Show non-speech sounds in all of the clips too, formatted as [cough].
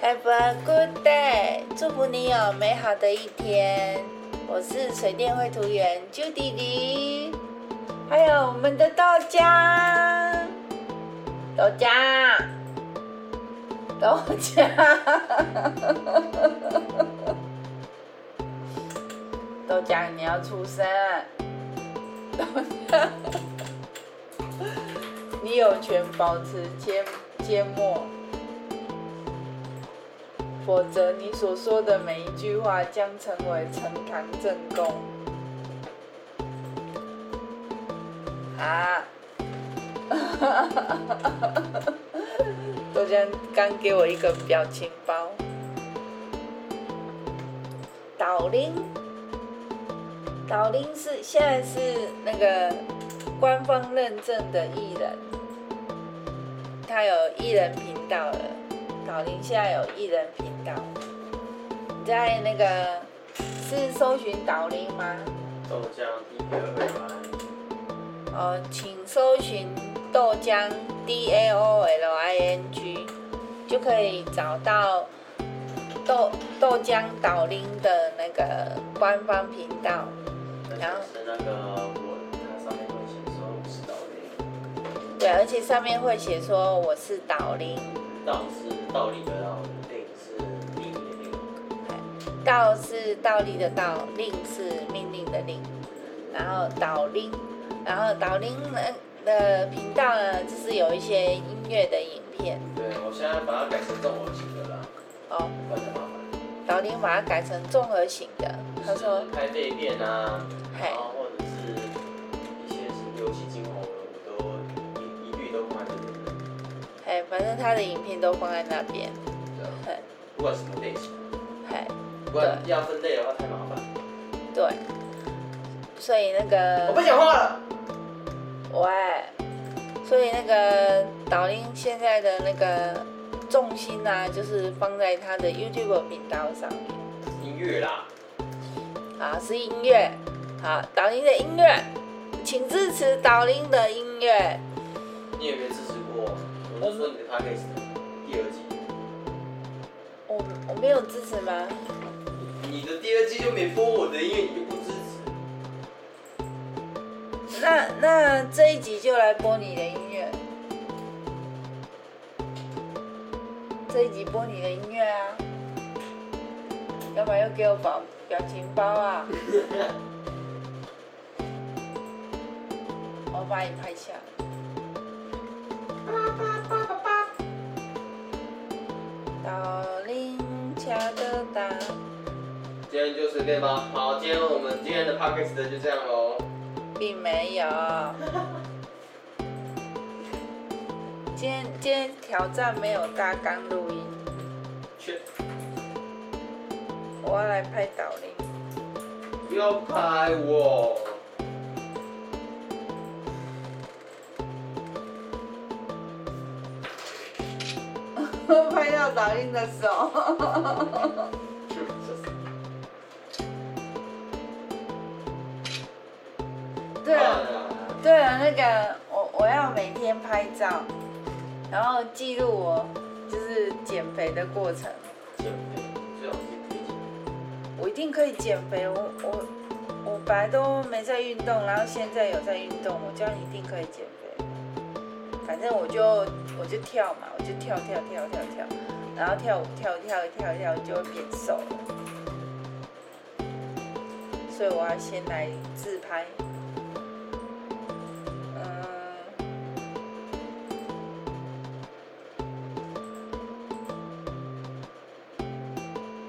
Have a good day，mm-hmm. 祝福你有美好的一天。我是水電繪圖員 Judy Lu，還有我們的豆漿，豆漿，豆漿，豆漿你要出聲，豆漿，你有權保持緘緘默。否則，你所說的每一句話將成為呈堂證供。啊！哈哈哈哈哈！剛給我一個表情包。導林，島林是現在是那個官方認證的藝人，他有藝人頻道了。島林現在有藝人頻道。你在那個是搜尋導林嗎？豆漿 D A O L I N G，哦，請搜尋豆漿 D A O L I N G，、嗯、就可以找到豆豆漿導林的那個官方頻道。然後是那個、哦、我那上面會寫說我是導林。對，而且上面會寫說我是導林。導師對導是倒立的導，令是命令的令，然後導令，然後導令呢的頻道呢，就是有一些音樂的影片。對，我現在把它改成綜合型的啦。好、哦。不然很麻煩。導令把它改成綜合型的，他、就、說、是、拍背片啊，然後或者是一些是遊戲精華，我我都一一律都換了。哎，反正他的影片都放在那邊。對。對，不管什麼類型。嗨。不過要分類的話太麻煩。對，所以那個我不講話了。喂，所以那個導林現在的那個重心啊，就是放在他的 YouTube 頻道上面。音樂啦，啊，是音樂，好，導林的音樂，請支持導林的音樂。你有沒有支持過我的的？我是說你的 Package 第二季。我我沒有支持嗎？你的第二季就沒播我的音樂，你就不支持那。那那這一集就來播你的音樂，這一集播你的音樂啊，要不要給我表情包啊！我把你拍下。爸爸爸爸爸，到林家的蛋。今天就隨便吧。好，今天我們今天的 Podcast 就這樣嘍。並沒有。今天今天挑戰沒有大綱錄音。去。我要來拍倒立。不要拍我。拍到倒立的時候。對了，對了，那個我我要每天拍照，然後記錄我就是減肥的過程。減肥，我一定可以減肥，我我我本來都沒在運動，然後現在有在運動，我這樣一定可以減肥。反正我就我就，我就跳嘛，我就跳跳跳跳跳，然後跳舞跳一跳一跳一跳就會變瘦。所以我要先來自拍。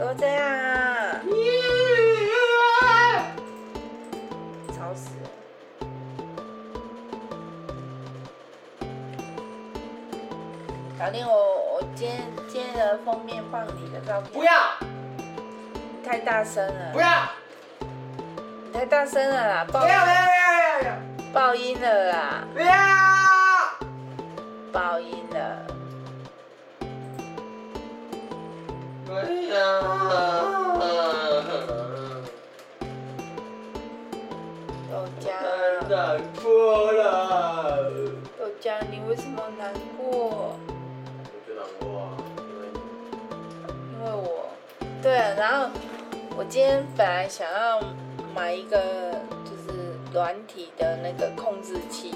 都這樣啊！吵死了！搞定我今天，我今天的封面放你的照片。不要！太大聲了。不要！太大聲了啦！不要不要不要！爆音了啦！不要！爆音了。對呀。你為什麼難過？我最難過啊，因為因為我，對，然後我今天本來想要買一個就是軟體的那個控制器，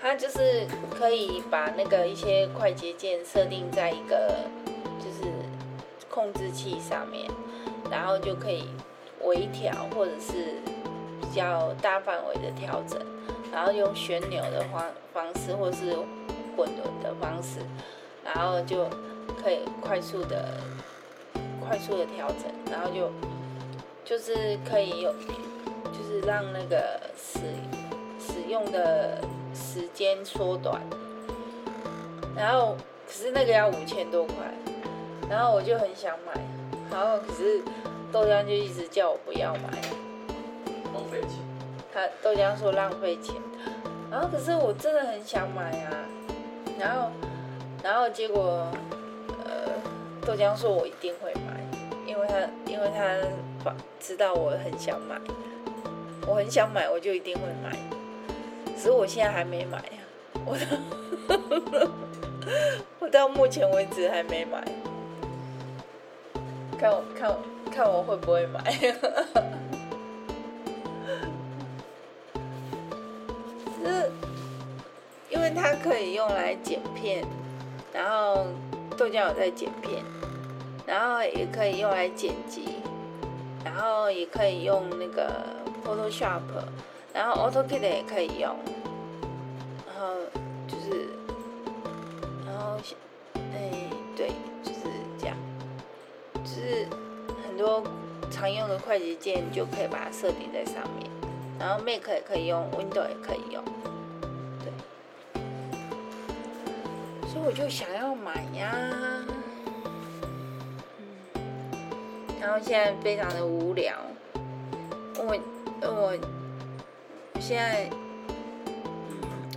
它就是可以把那個一些快捷鍵設定在一個就是控制器上面，然後就可以微調或者是比較大範圍的調整。然後用旋鈕的方方式，或是滾輪的方式，然後就可以快速的快速的調整，然後就就是可以有，就是讓那個使使用的時間縮短。然後可是那個要五千多塊，然後我就很想買，然後可是豆漿就一直叫我不要買。他豆漿說浪費錢，然後可是我真的很想買啊，然後，然後結果，呃，豆漿說我一定會買，因為他，因為他知道我很想買，我很想買，我就一定會買，只是我現在還沒買，我到目前為止還沒買，看我，看我，看我，看我會不會買。它可以用來剪片，然後豆漿有在剪片，然後也可以用來剪輯，然後也可以用那個 Photoshop，然後 AutoCAD 也可以用，然後就是，然後哎、欸、對，就是這樣，就是很多常用的快捷鍵就可以把它設定在上面，然後 Mac 也可以用，Window 也可以用。我就想要買呀，嗯，然後現在非常的無聊我，我我現在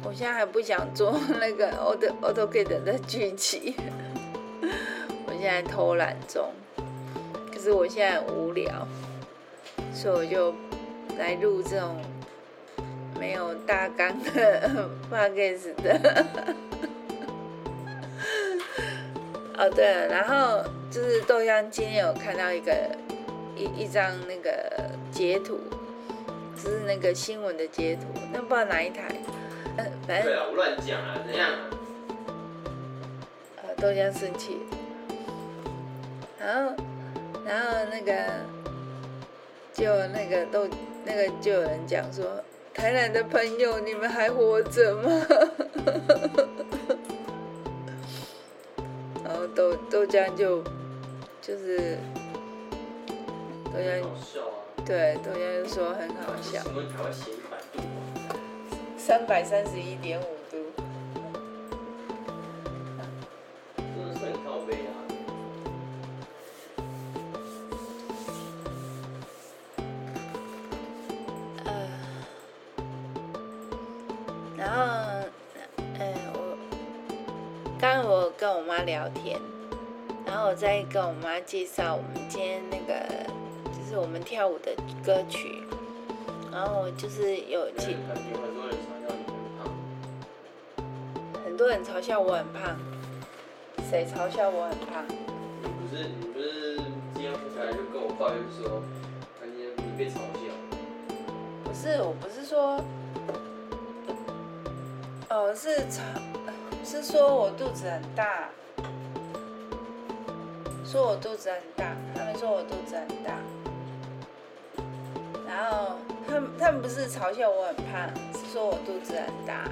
我現在還不想做那個 Auto、AutoCAD 的劇集，我現在偷懶中，可是我現在很無聊，所以我就來錄這種沒有大綱的《u g e 的。哦、oh，對了，然後就是豆漿今天有看到一個一,一張那個截圖，就是那個新聞的截圖，那不知道哪一台，反、呃、正對了，我亂講啊，怎樣？呃，豆漿生氣，然後然後那個就那個豆那個就有人講說，台南的朋友，你們還活着嗎？ [laughs] 豆豆漿就就是豆漿、啊，對豆漿就說很好笑，三百三十一點五。剛剛我跟我媽聊天，然後我在跟我媽介紹我們今天那個，就是我們跳舞的歌曲，然後我就是有請，很多人嘲笑我很胖，誰嘲笑我很胖？嗯？你不是你不是今天回來就跟我抱怨說，今天被嘲笑？嗯，不是我不是說，哦是嘲。是說我肚子很大，說我肚子很大，他們說我肚子很大，然後他們他們不是嘲笑我很胖，是說我肚子很大。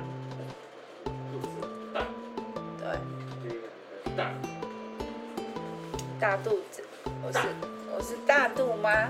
肚子大，對，大，大肚子，我是我是大肚媽。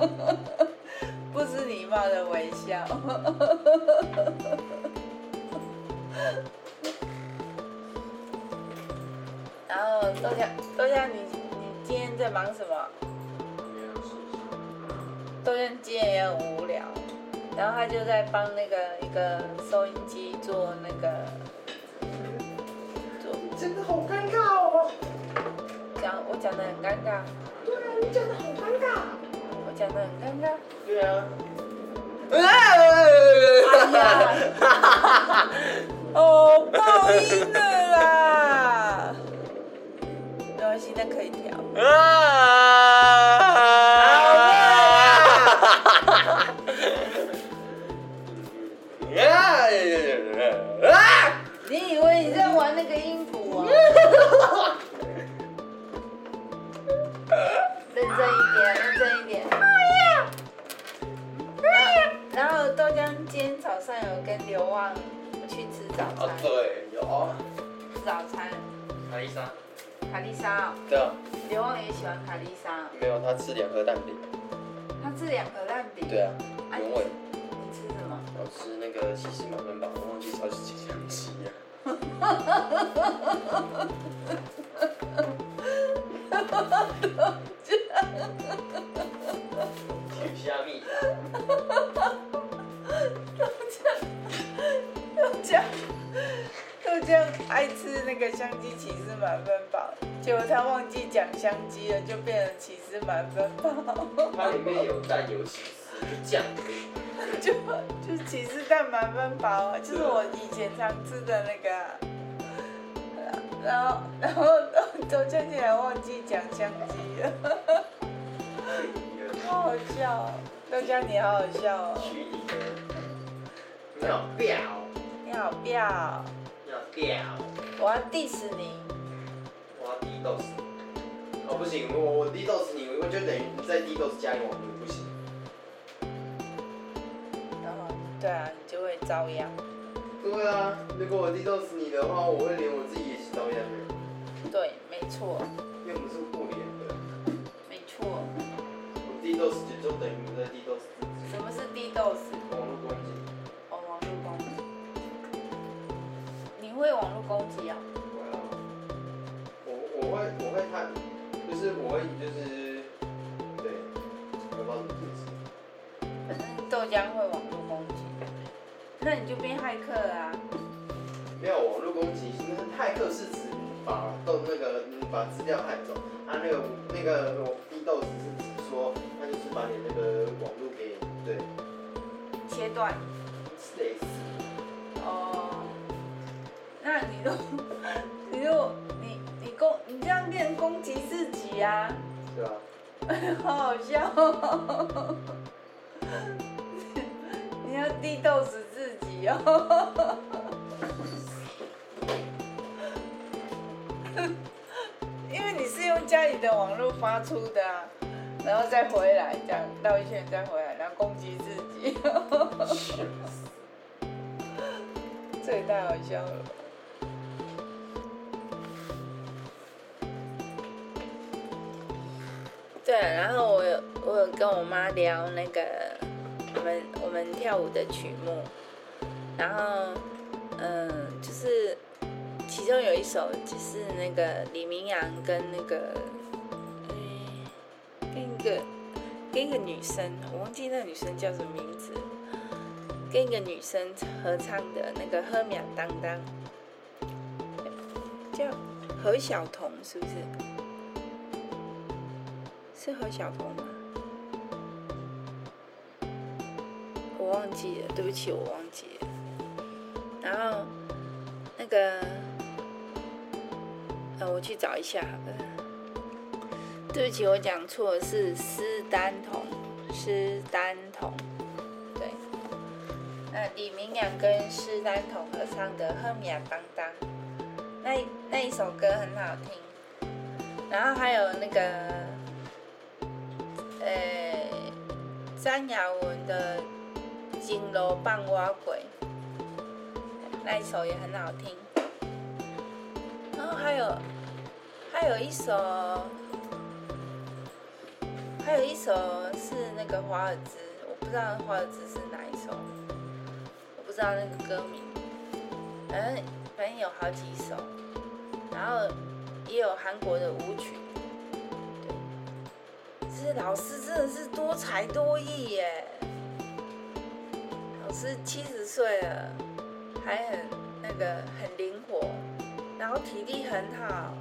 微笑，， [laughs] 然後豆香，豆香你你今天在忙什麼？豆香今天也很無聊，然後他就在幫那個一個收音機做那個做，你真的好尷尬哦！講我講的很尷尬。對啊，你講的好尷尬。我講的很尷尬。對啊。 [laughs] 哎呀！哈哈哈哈！哦，報應了啦，東西都可以調。 [laughs] 豆漿，吃蝦米。豆漿，豆漿，豆漿，愛吃那個香雞起司滿福堡，結果他忘記講香雞了，就變成起司滿福堡，它裡面有蛋有起司醬。就就起司蛋滿福堡，就是我以前常吃的那個啊。然後，然後都都佳你竟忘記講相機了好，好笑，喔，都叫你好好笑。娶你的，你好婊，你好婊，要彪，我要 dis 你，我要 dis 豆子，不行，我我 dis 豆你，我就等於在 dis 豆加你，我不行。然後，對啊，你就會遭殃。對啊，如果我 dis 的話，我會連我自己也一照樣是遭殃的。對，沒錯。因為我們是互聯的。沒錯。DDoS 就等於在 DDoS。什麼是 DDoS？網絡攻擊。哦，網絡攻擊、哦。你會網絡攻擊啊、哦？我我會我會看。就是我會就是，對，我不知道怎麼制止。反正豆漿會網絡攻擊，那你就變駭客啊。沒有網絡攻擊，就是、泰克是指把豆那個把資料帶走，他、啊、那個、那個、那個低豆子是指說，他就是把你的那個網絡給你對切斷。是，是哦，那你都，你又你你攻你，你這樣變攻擊自己啊？是啊。哎，好好笑、哦 [laughs] 你，你要低豆死自己哦。 [laughs] 家裡的網絡發出的，啊，然後再回來，這樣繞一圈再回來，然後攻擊自己是，哈哈這太好笑了。對，然後我有我有跟我媽聊那個我們我們跳舞的曲目，然後嗯，就是。其中有一首就是那個李明洋跟那個，跟一個跟一個女生，我忘記那個女生叫什麼名字，跟一個女生合唱的那個噹噹《喝秒噹噹》，叫何小彤是不是？是何小彤嗎？我忘記了，對不起，我忘記了。然後那個。哦、我去找一下好了。對不起，我講錯的是，是施丹彤，施丹彤。對，那李明洋跟施丹彤合唱的《赫米亞當當》，那那一首歌很好聽。然後還有那個，呃，詹雅雯的《金樓伴花鬼》，那一首也很好聽。然後、哦、還有。還有一首，還有一首是那個華爾茲，我不知道華爾茲是哪一首，我不知道那個歌名。反正反正有好幾首，然後也有韓國的舞曲。對，這老師真的是多才多藝耶！老師七十歲了，還很那個很靈活，然後體力很好。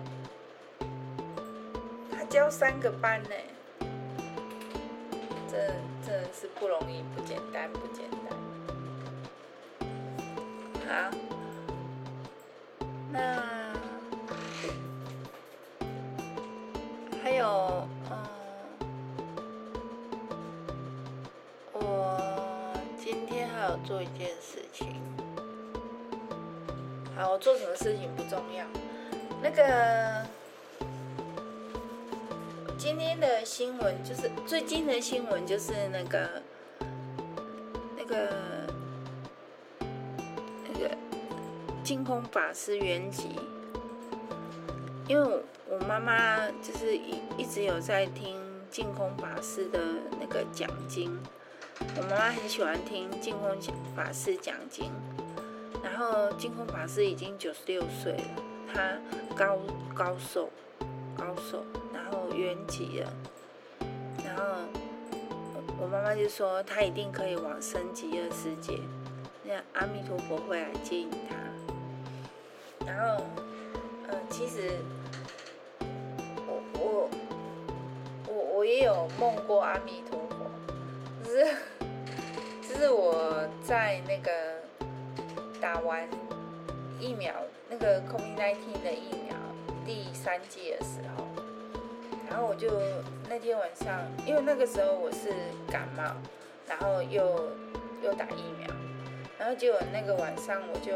教三個班呢，真真是不容易，不簡單，不簡單。好，那還有，嗯、呃，我今天還有做一件事情。好，我做什麼事情不重要，那個。今天的新聞就是最近的新聞，就是那個那個那個淨空法師圓寂。因為我媽媽就是一一直有在聽淨空法師的那個講經，我媽媽很喜歡聽淨空法師講經。然後淨空法師已經九十六歲了，他高高壽、高壽。高壽圓寂了，然後我媽媽就說她一定可以往生極樂世界，那阿彌陀佛會來接引她。然後，嗯、呃，其實我我我我也有夢過阿彌陀佛，就是就是我在那個打完疫苗，那個 COVID-19 的疫苗第三劑的時候。然後我就那天晚上，因為那個時候我是感冒，然後又又打疫苗，然後結果那個晚上，我就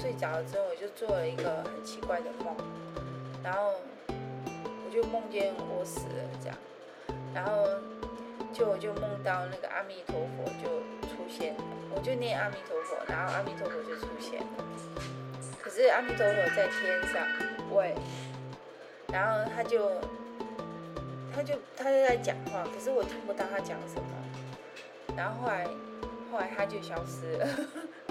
睡着了之後，我就做了一個很奇怪的夢，然後我就夢見我死了這樣，然後就我就夢到那個阿彌陀佛就出現了，我就念阿彌陀佛，然後阿彌陀佛就出現了，可是阿彌陀佛在天上喂，然後他就。他就他就在講話，可是我聽不到他講什麼。然後後來，後來他就消失了。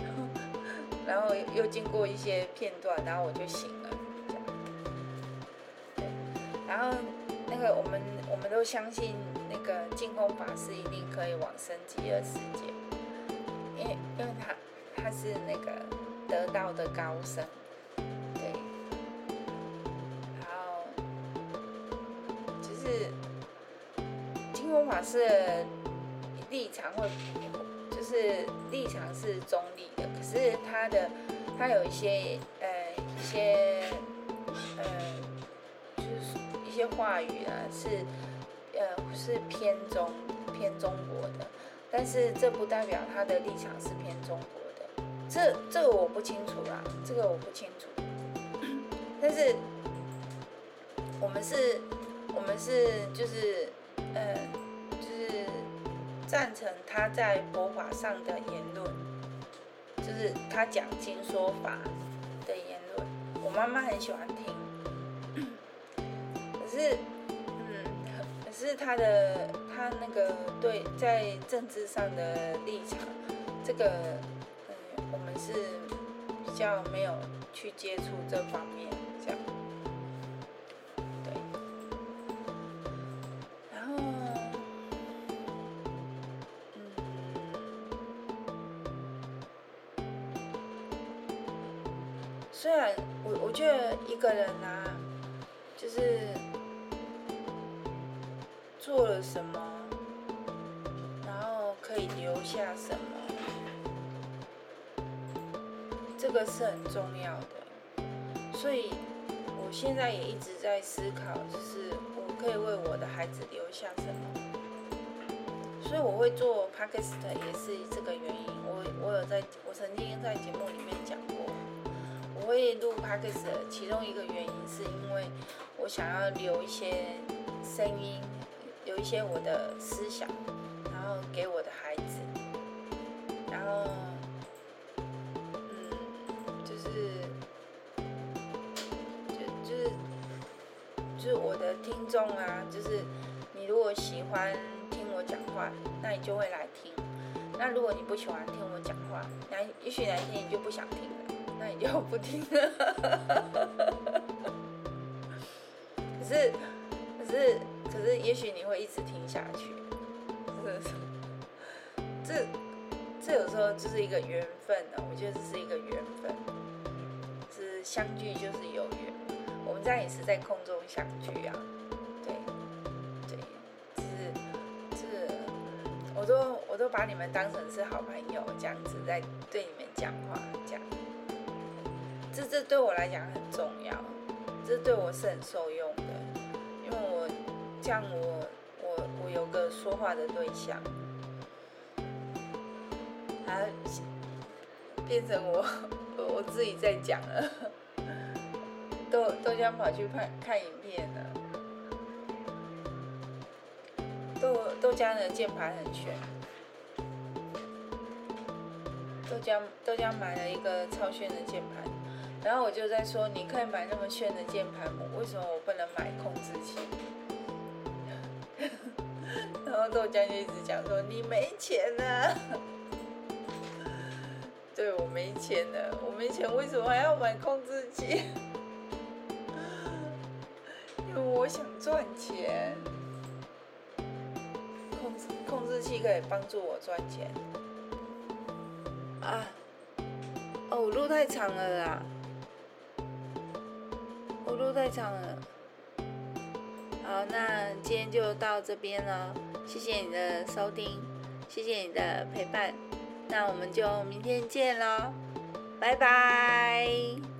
[laughs] 然後又經過一些片段，然後我就醒了。對，然後那個我們我們都相信那個淨空法師一定可以往生極樂世界，因為因為他他是那個得道的高僧。是立場會，就是立場是中立的，可是他的他有一些呃一些呃，就是一些話語啊是呃是偏中偏中國的，但是這不代表他的立場是偏中國的，這這個我不清楚啦，這個我不清楚，但是我們是我們是就是呃。贊成他在佛法上的言論，就是他講經說法的言論，我媽媽很喜歡聽。可是，嗯，可是他的他那個對在政治上的立場，這個，嗯，我們是比較沒有去接觸這方面。我我覺得一個人啊，就是做了什麼，然後可以留下什麼，這個是很重要的。所以我現在也一直在思考，就是我可以為我的孩子留下什麼。所以我會做 podcast 也是這個原因。我我有在，我曾經在節目裡面講。我會錄 podcast 的其中一個原因，是因為我想要留一些聲音，留一些我的思想，然後給我的孩子，然後，嗯，就是，就就是，就是我的聽眾啊，就是你如果喜歡聽我講話，那你就會來聽；那如果你不喜歡聽我講話，那也許哪，哪一天你就不想聽。你就不聽了，可是可是可是，也許你會一直聽下去。是，這這有時候就是一個緣分呢啊，我覺得這是一個緣分，是相聚就是有緣。我們這樣也是在空中相聚啊，對對，是就是，我都我都把你們當成是好朋友這樣子在對你們講話。這這對我來講很重要，這對我是很受用的，因為我，這樣我我我有個說話的對象，啊，變成我我自己在講了，豆豆漿跑去看看影片了，豆豆漿的鍵盤很全，豆漿豆漿買了一個超炫的鍵盤。然後我就在說，你可以買那麼炫的鍵盤，我為什麼我不能買控制器？ [laughs] 然後豆漿就一直講說，你沒錢呢、啊。 [laughs] 對，我沒錢呢，我沒錢、啊，沒錢為什麼還要買控制器？ [laughs] 因為我想賺錢。控制控制器可以幫助我賺錢。啊！哦，我路太長了啦。我都在場了，好，那今天就到這邊了，謝謝你的收聽，謝謝你的陪伴，那我們就明天見嘍，拜拜。